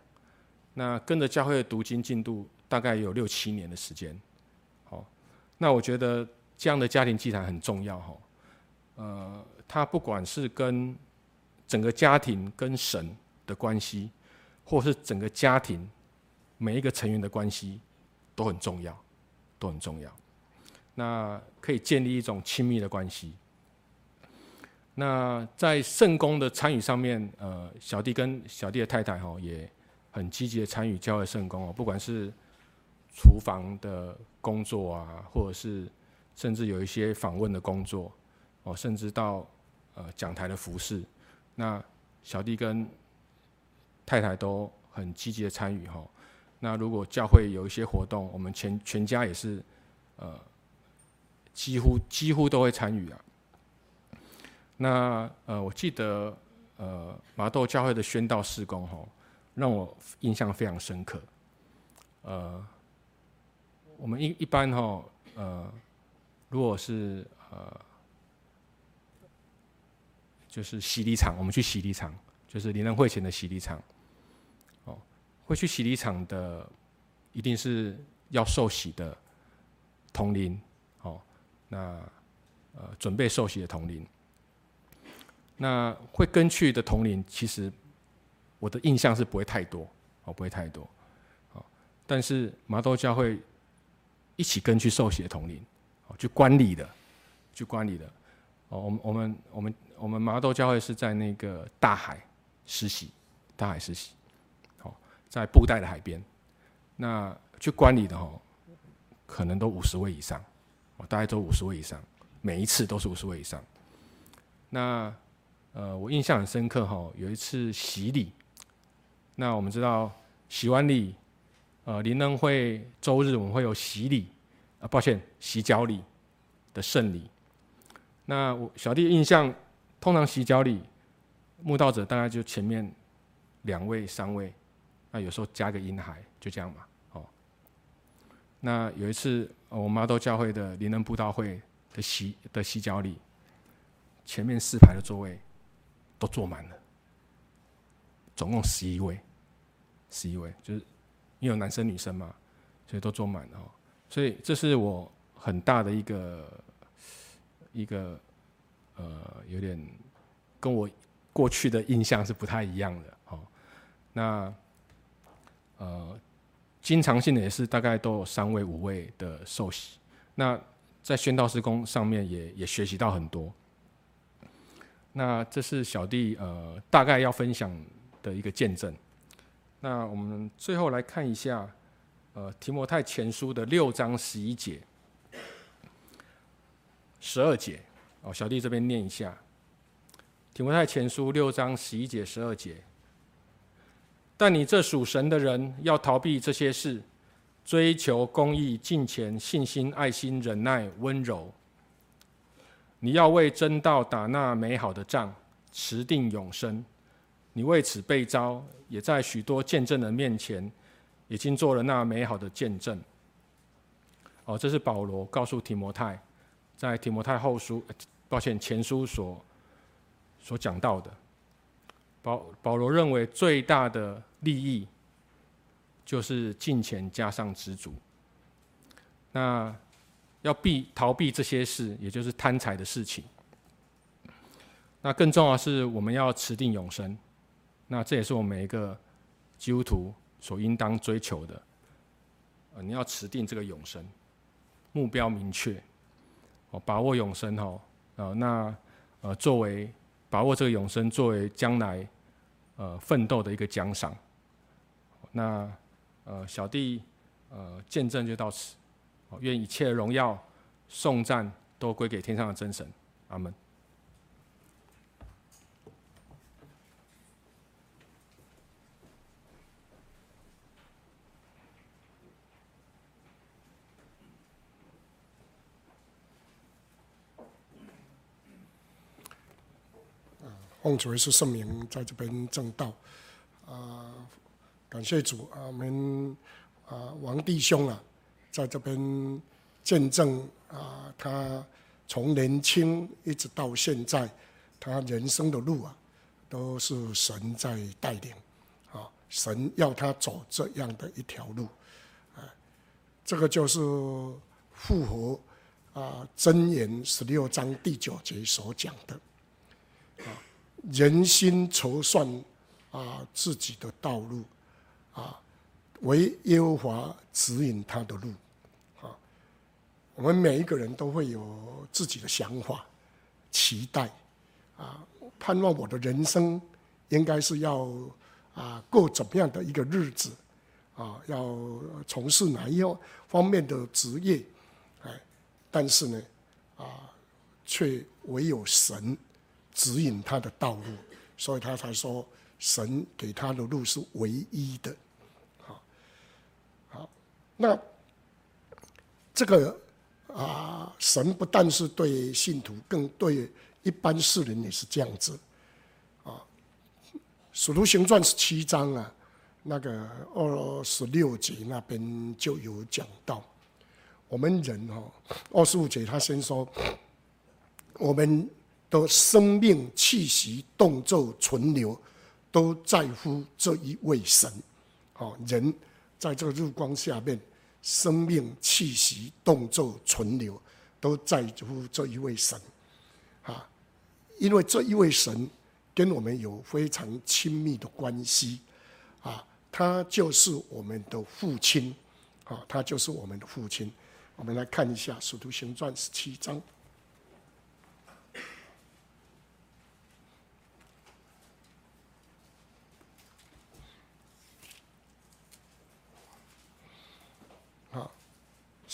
那跟着教會的讀經進度，大概有六七年的時間。哦，那我覺得這樣的家庭祭壇很重要哈。呃，它不管是跟整個家庭跟神的關係，或是整個家庭。每一個成員的關係都很重要，都很重要。那可以建立一種親密的關係。那在聖工的參與上面，呃，小弟跟小弟的太太哈也很積極的參與教會聖工哦，不管是廚房的工作啊，或者是甚至有一些訪問的工作哦，甚至到呃講台的服侍，那小弟跟太太都很積極的參與哈。那如果教會有一些活動，我們全全家也是，呃，幾乎幾乎都會參與啊。那呃，我記得呃，麻豆教會的宣道事工吼、哦，讓我印象非常深刻。呃，我們一一般吼、哦，呃，如果是呃，就是洗禮場，我們去洗禮場，就是靈恩會前的洗禮場。會去洗禮場的，一定是要受洗的同靈，哦，那呃準備受洗的同靈，那會跟去的同靈，其實我的印象是不會太多，哦，不會太多，但是麻豆教會一起跟去受洗的同靈，哦，去觀禮的，去觀禮的，哦，我們我們我們我們麻豆教會是在那個大海施洗，大海施洗。在布袋的海邊，那去觀禮的哦，可能都五十位以上，我大概都五十位以上，每一次都是五十位以上。那呃，我印象很深刻吼、哦，有一次洗禮，那我們知道洗完禮，呃，靈恩會周日我們會有洗禮，啊、呃，抱歉，洗腳禮的聖禮。那我小弟印象，通常洗腳禮，慕道者大概就前面兩位、三位。那有時候加個嬰孩，就這樣嘛。哦，那有一次，我媽都教會的靈恩布道會的席的席腳裡，前面四排的座位都坐滿了，總共十一位，十一位，就是因為有男生女生嘛，所以都坐滿了，哦。所以這是我很大的一個一個呃，有點跟我過去的印象是不太一樣的。哦，那。呃，經常性的也是大概都有三位五位的受洗。那在宣道事工上面也也學習到很多。那這是小弟呃大概要分享的一個見證。那我們最後來看一下呃提摩太前書的六章十一節、十二節哦，小弟這邊念一下提摩太前書六章十一節十二節。但你這屬神的人，要逃避這些事，追求公義、敬虔、信心、愛心、忍耐、溫柔。你要為真道打那美好的仗，持定永生。你為此被召，也在許多見證人面前，已經做了那美好的見證。哦，這是保羅告訴提摩太，在提摩太後書，抱歉，前書所，所講到的。保保羅認為最大的利益就是金錢加上知足。那要避逃避這些事，也就是貪財的事情。那更重要的是我們要持定永生。那這也是我們每一個基督徒所應當追求的。呃，你要持定這個永生，目標明確，哦，把握永生哦，啊，呃，那呃，作為把握這個永生，作為將來。呃，奮鬥的一個獎賞。那，呃，小弟，呃，見證就到此。願一切榮耀、頌讚都歸給天上的真神。阿門。奉主耶穌聖名，在這邊證道啊！感謝主啊！我們啊王弟兄啊，在這邊見證啊，他從年輕一直到現在，他人生的路啊，都是神在帶領啊！神要他走這樣的一條路啊，這個就是符合啊，《箴言》十六章第九節所講的啊。人心籌算啊，自己的道路啊，唯耶和華指引他的路啊。我們每一個人都會有自己的想法、期待啊，盼望我的人生應該是要啊過怎麼樣的一個日子啊，要從事哪一方面的職業哎、啊，但是呢啊，卻唯有神。指引他的道路，所以他才說神給他的路是唯一的。啊，好，那這個啊，神不但是對信徒，更對一般世人也是這樣子。啊，《使徒行傳》十七章啊，那個二十六節那邊就有講到，我們人哦，二十五節他先說我們。的生命氣息動作存留，都在乎這一位神。好、哦，人在這個日光下面，生命氣息動作存留，都在乎這一位神。啊，因為這一位神跟我們有非常親密的關係啊，他就是我們的父親。啊，他就是我們的父親。我們來看一下《使徒行傳》十七章。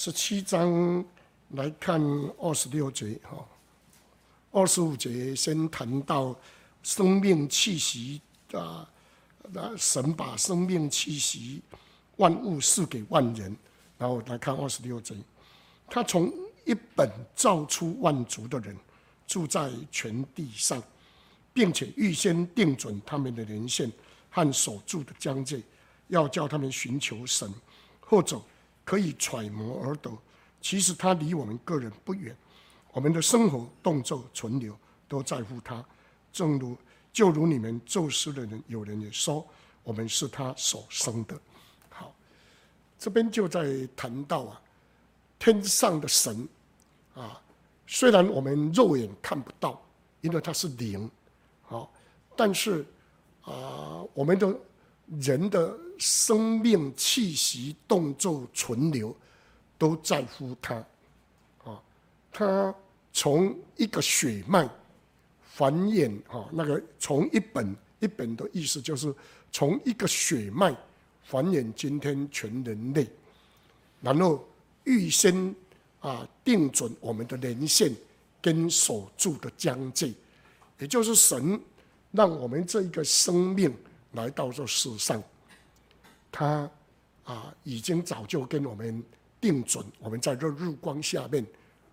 十七章來看二十六節哈、哦，二十五節先談到生命氣息啊，那、啊、神把生命氣息萬物賜給萬人，然後來看二十六節，他從一本造出萬族的人，住在全地上，並且預先定準他們的年限和所住的疆界，要叫他們尋求神或者。可以揣摩而得，其實他離我們各人不遠，我們的生活、動作、存留都在乎他。正如就如你們作詩的人，有人也說，我們是他所生的。好，這邊就在談到啊，天上的神啊，雖然我們肉眼看不到，因為他是靈，好，但是啊、呃，我們的人的。生命氣息、動作、存留，都在乎他。啊、哦，他從一個血脈繁衍，啊、哦，那個從一本一本的意思，就是從一個血脈繁衍今天全人類。然後預先啊定準我們的年限跟所住的疆界，也就是神讓我們這一個生命來到這世上。他啊，已經早就跟我們定準，我們在這日光下面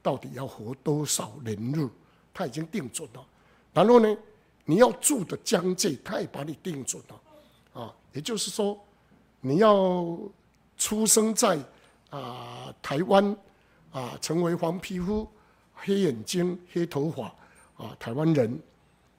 到底要活多少年日，他已經定準了。然後呢，你要住的疆界，他也把你定準了啊。也就是說，你要出生在啊台灣啊，成為黃皮膚、黑眼睛、黑頭髮啊台灣人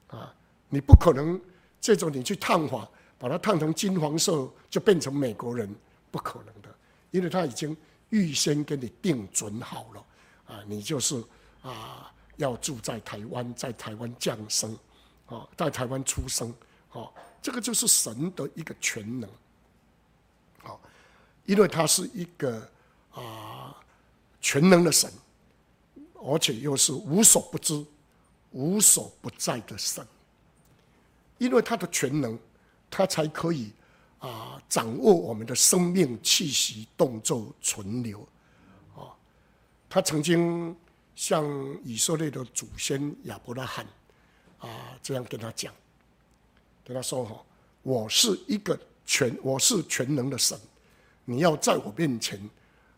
啊，你不可能這種你去探訪。把它燙成金黃色，就變成美國人，不可能的，因為他已經預先給你定準好了，啊，你就是啊，要住在台灣，在台灣降生，啊，在台灣出生，啊，這個就是神的一個全能，啊，因為他是一個啊全能的神，而且又是無所不知、無所不在的神，因為他的全能。他才可以啊掌握我們的生命氣息動作存留啊、哦。他曾經向以色列的祖先亞伯拉罕啊這樣跟他講，跟他說：“哈、哦，我是一個全，我是全能的神，你要在我面前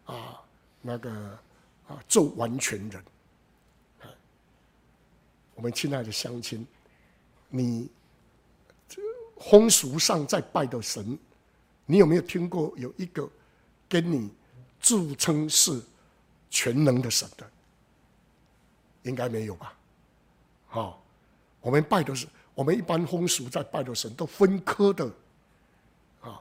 啊那個啊做完全人。”我們親愛的鄉親，你。風俗上在拜的神，你有沒有聽過有一個跟你自稱是全能的神的？應該沒有吧？哦，我們拜的是我們一般風俗在拜的神都分科的啊、哦，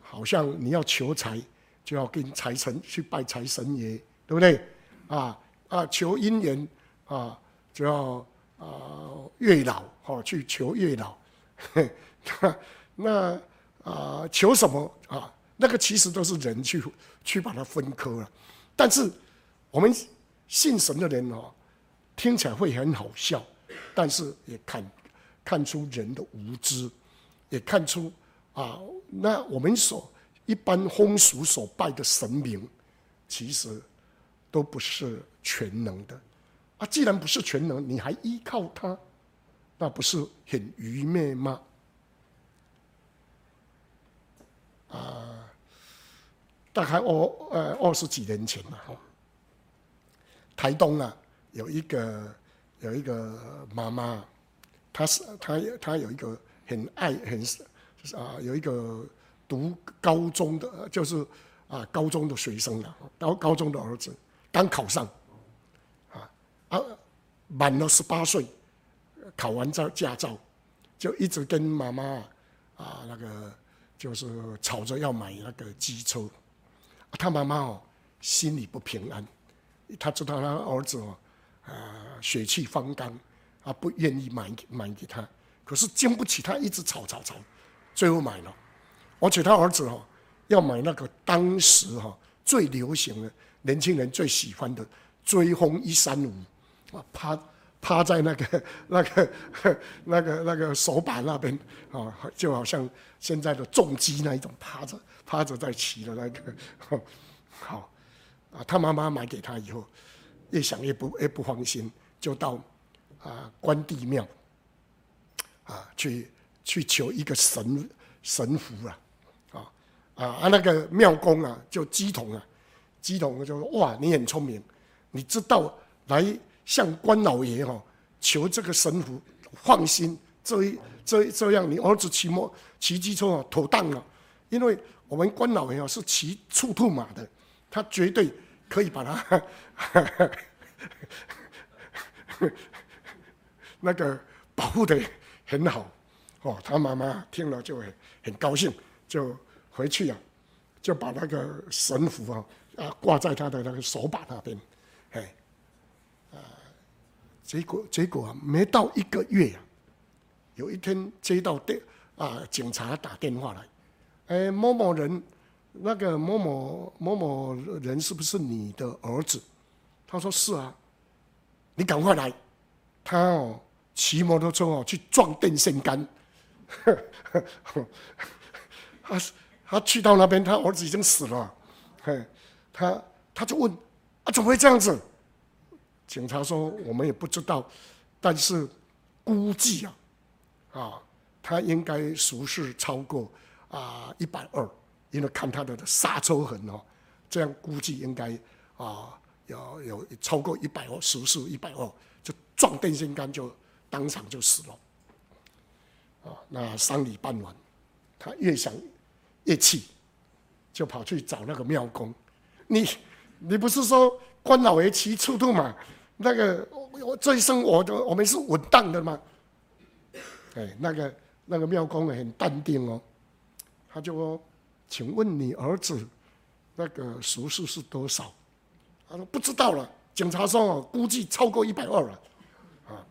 好像你要求財就要跟財神去拜財神爺，對不對？啊啊，求姻緣啊，就要啊、呃、月老，好、哦、去求月老。 [laughs] 那啊、呃，求什麼啊？那個其實都是人去去把它分割了。但是我們信神的人哦，聽起來會很好笑，但是也看看出人的無知，也看出啊，那我們所一般風俗所拜的神明，其實都不是全能的。啊，既然不是全能，你還依靠他，那不是很愚昧嗎？啊，大概二呃二十幾年前了。哈，台東啊有一個有一個媽媽，她是她她有一個很愛很就是啊有一個讀高中的就是啊高中的學生了，啊，高高中的兒子剛考上，啊啊滿了十八歲，考完照駕照，就一直跟媽媽啊那個。就是吵着要買那個機車，啊、他媽媽哦心裡不平安，他知道他兒子哦，啊血氣方剛，啊不願意買買給他，可是經不起他一直吵吵吵，最後買了，而且他兒子哦要買那個當時哈、哦、最流行的年輕人最喜歡的追風一三五啊，啪。趴在、那個、那個、那個、那個、那個手把那邊，啊、哦，就好像現在的重機那一種趴着趴着在騎的那個、哦，好，啊，他媽媽買給他以後，越想越不越不放心，就到啊關帝廟啊去去求一個神神符啊，啊啊那個廟公啊就乩童啊，乩童就說，哇，你很聰明，你知道來。向關老爺哈、哦、求這個神符，放心，這一這這樣，你兒、哦、子騎摩騎機車啊妥當了、啊，因為我們關老爺啊、哦、是騎赤兔馬的，他絕對可以把他呵呵呵呵那個保護的很好哦。他媽媽聽了就很很高興，就回去了、啊，就把那個神符啊啊掛在他的那個手把那邊。結果，結果啊，沒到一個月啊，有一天接到電啊，警察打電話來，哎，某某人，那個某某某某人是不是你的兒子？他說是啊，你趕快來，他哦，騎摩托車哦去撞電線桿， [laughs] 他他去到那邊，他兒子已經死了，嘿，他他就問啊，怎麼會這樣子？警察說：“我們也不知道，但是估計啊，啊，他應該時速超過啊一百二，120, 因為看他的剎車痕哦，這樣估計應該啊有有超過一百二時速，一百二就撞電線桿就，就當場就死了。”啊，那喪禮辦完，他越想越氣，就跑去找那個廟公。你你不是說關老爺騎赤兔馬嗎？”那個我我這一生我就我們是穩當的嘛，哎，那個那個廟公很淡定哦，他就說，請問你兒子那個歲數是多少？他說不知道了，警察說、哦、估計超過一百二了，啊，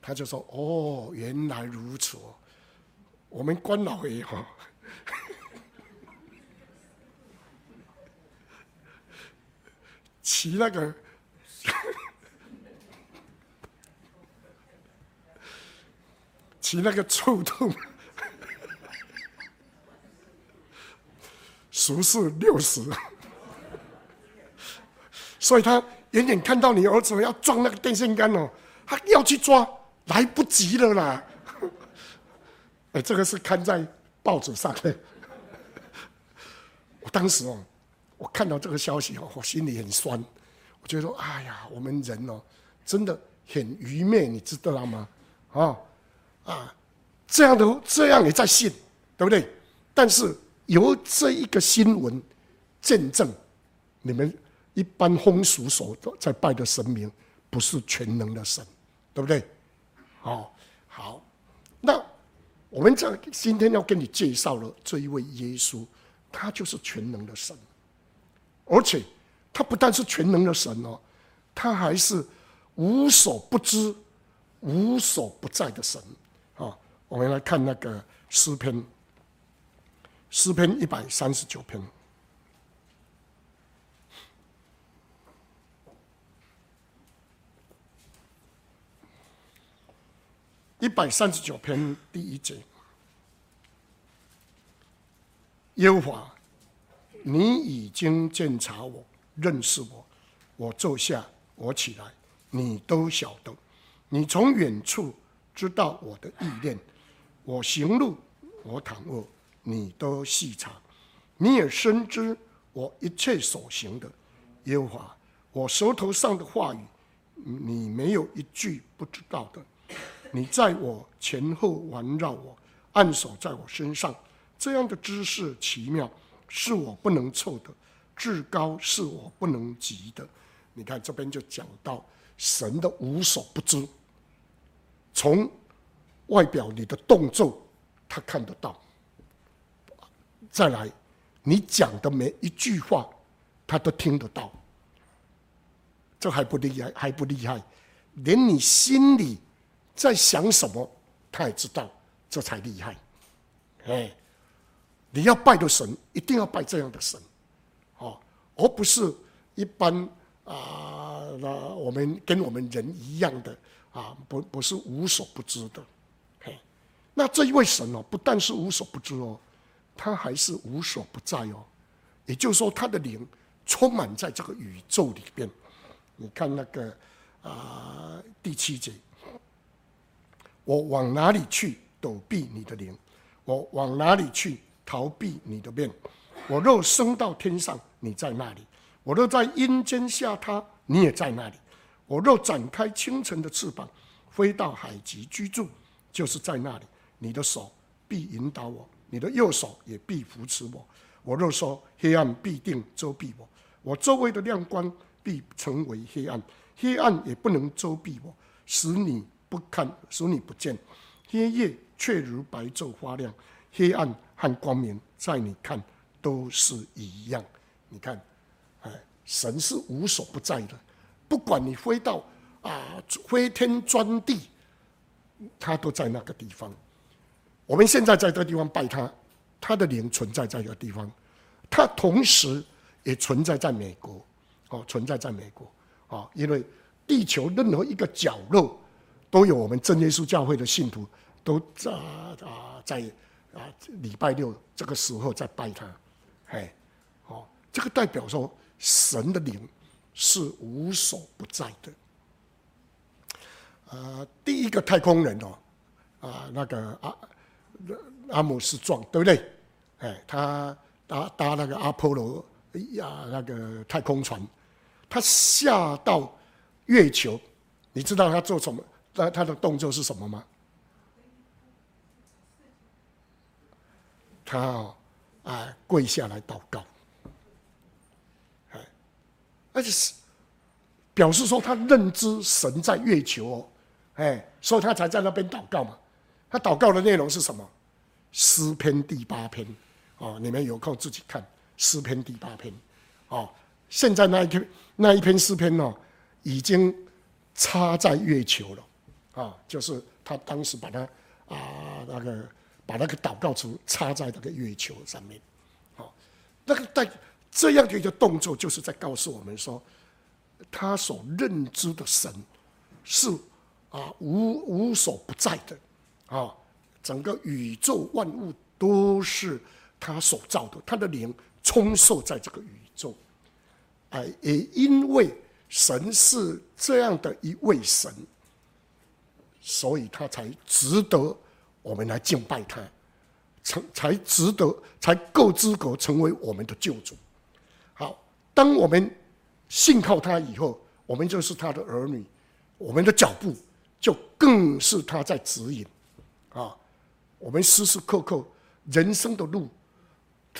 他就說哦，原來如此哦，我們關老爺哈、哦，騎 [laughs] 那個。起 [laughs] 那個觸動，俗世六十，所以他遠遠看到你兒子要撞那個電線杆哦，他要去抓，來不及了啦。哎，這個是刊在報紙上的。 [laughs] 我當時哦、喔，我看到這個消息哦、喔，我心裡很酸。我覺得哎呀，我們人哦，真的很愚昧，你知道了嗎？啊、哦、啊，這樣的這樣也在信，對不對？但是由這一個新聞見證，你們一般風俗所在拜的神明，不是全能的神，對不對？好、哦，好，那我們這今天要跟你介紹的這一位耶穌，他就是全能的神，而且。他不但是全能的神哦，他還是無所不知、無所不在的神啊、哦！我們來看那個詩篇，詩篇一百三十九篇，一百三十九篇第一節，耶和華，你已經鑒察我。認識我，我坐下，我起來，你都曉得。你從遠處知道我的意念，我行路，我躺臥，你都細察，你也深知我一切所行的。耶和華啊，我舌頭上的話語，你沒有一句不知道的。你在我前後環繞我，按手在我身上，這樣的知識奇妙，是我不能測的。至高是我不能及的。你看這邊就講到神的無所不知，從外表你的動作他看得到，再來你講的每一句話他都聽得到，這還不厲害，還不厲害，連你心裡在想什麼他也知道，這才厲害。哎，你要拜的神一定要拜這樣的神。我不是一般啊、呃，我們跟我們人一樣的啊，不不是無所不知的。那這一位神哦，不但是無所不知哦，他還是無所不在哦。也就是說，他的靈充滿在這個宇宙裡邊。你看那個啊、呃，第七節，我往哪裡去躲避你的靈？我往哪裡去逃避你的面？我若升到天上，你在那裡；我若在陰間下榻，你也在那裡。我若展開清晨的翅膀，飛到海極居住，就是在那裡。你的手必引導我，你的右手也必扶持我。我若說黑暗必定遮蔽我，我周圍的亮光必成為黑暗；黑暗也不能遮蔽我，使你不看，使你不見。黑夜卻如白晝發亮，黑暗和光明在你看。都是一樣，你看，哎，神是無所不在的，不管你飛到啊，飛天鑽地，他都在那個地方。我們現在在這個地方拜他，他的靈存在在這個地方，他同時也存在在美國，哦，存在在美國，哦，因為地球任何一個角落都有我們真耶穌教會的信徒，都在啊，啊，在啊禮拜六這個時候在拜他。哎，好、哦，這個代表說神的靈是無所不在的。啊、呃，第一個太空人哦，啊、呃，那個阿阿姆斯壯，對不對？哎，他搭搭那個阿波羅，哎呀，那個太空船，他下到月球，你知道他做什麼？他他的動作是什麼嗎？他、哦。啊、哎，跪下來禱告，哎，那就是表示說他認知神在月球哦，哎，所以他才在那邊禱告嘛。他禱告的內容是什麼？詩篇第八篇啊、哦，你們有空自己看詩篇第八篇哦。現在那一篇那一篇詩篇呢、哦，已經插在月球了啊、哦，就是他當時把它啊那個。把那個禱告詞插在那個月球上面，啊，那個在這樣的一個動作，就是在告訴我們說，他所認知的神是啊無無所不在的啊，整個宇宙萬物都是他所造的，他的靈充斥在這個宇宙，哎，也因為神是這樣的一位神，所以他才值得。我們來敬拜他，成才值得，才夠資格成為我們的救主。好，當我們信靠他以後，我們就是他的兒女，我們的腳步就更是他在指引。啊，我們時時刻刻人生的路，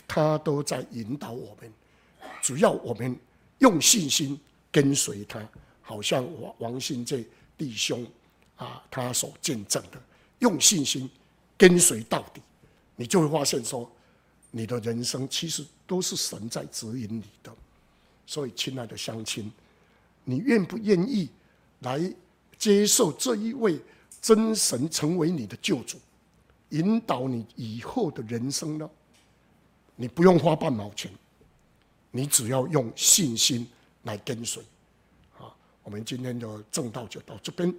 他都在引導我們。只要我們用信心跟隨他，好像王王信介弟兄啊，他所見證的。用信心跟隨到底，你就會發現說，你的人生其實都是神在指引你的。所以，親愛的鄉親，你願不願意來接受這一位真神成為你的救主，引導你以後的人生呢？你不用花半毛錢，你只要用信心來跟隨。啊，我們今天的證道就到這邊。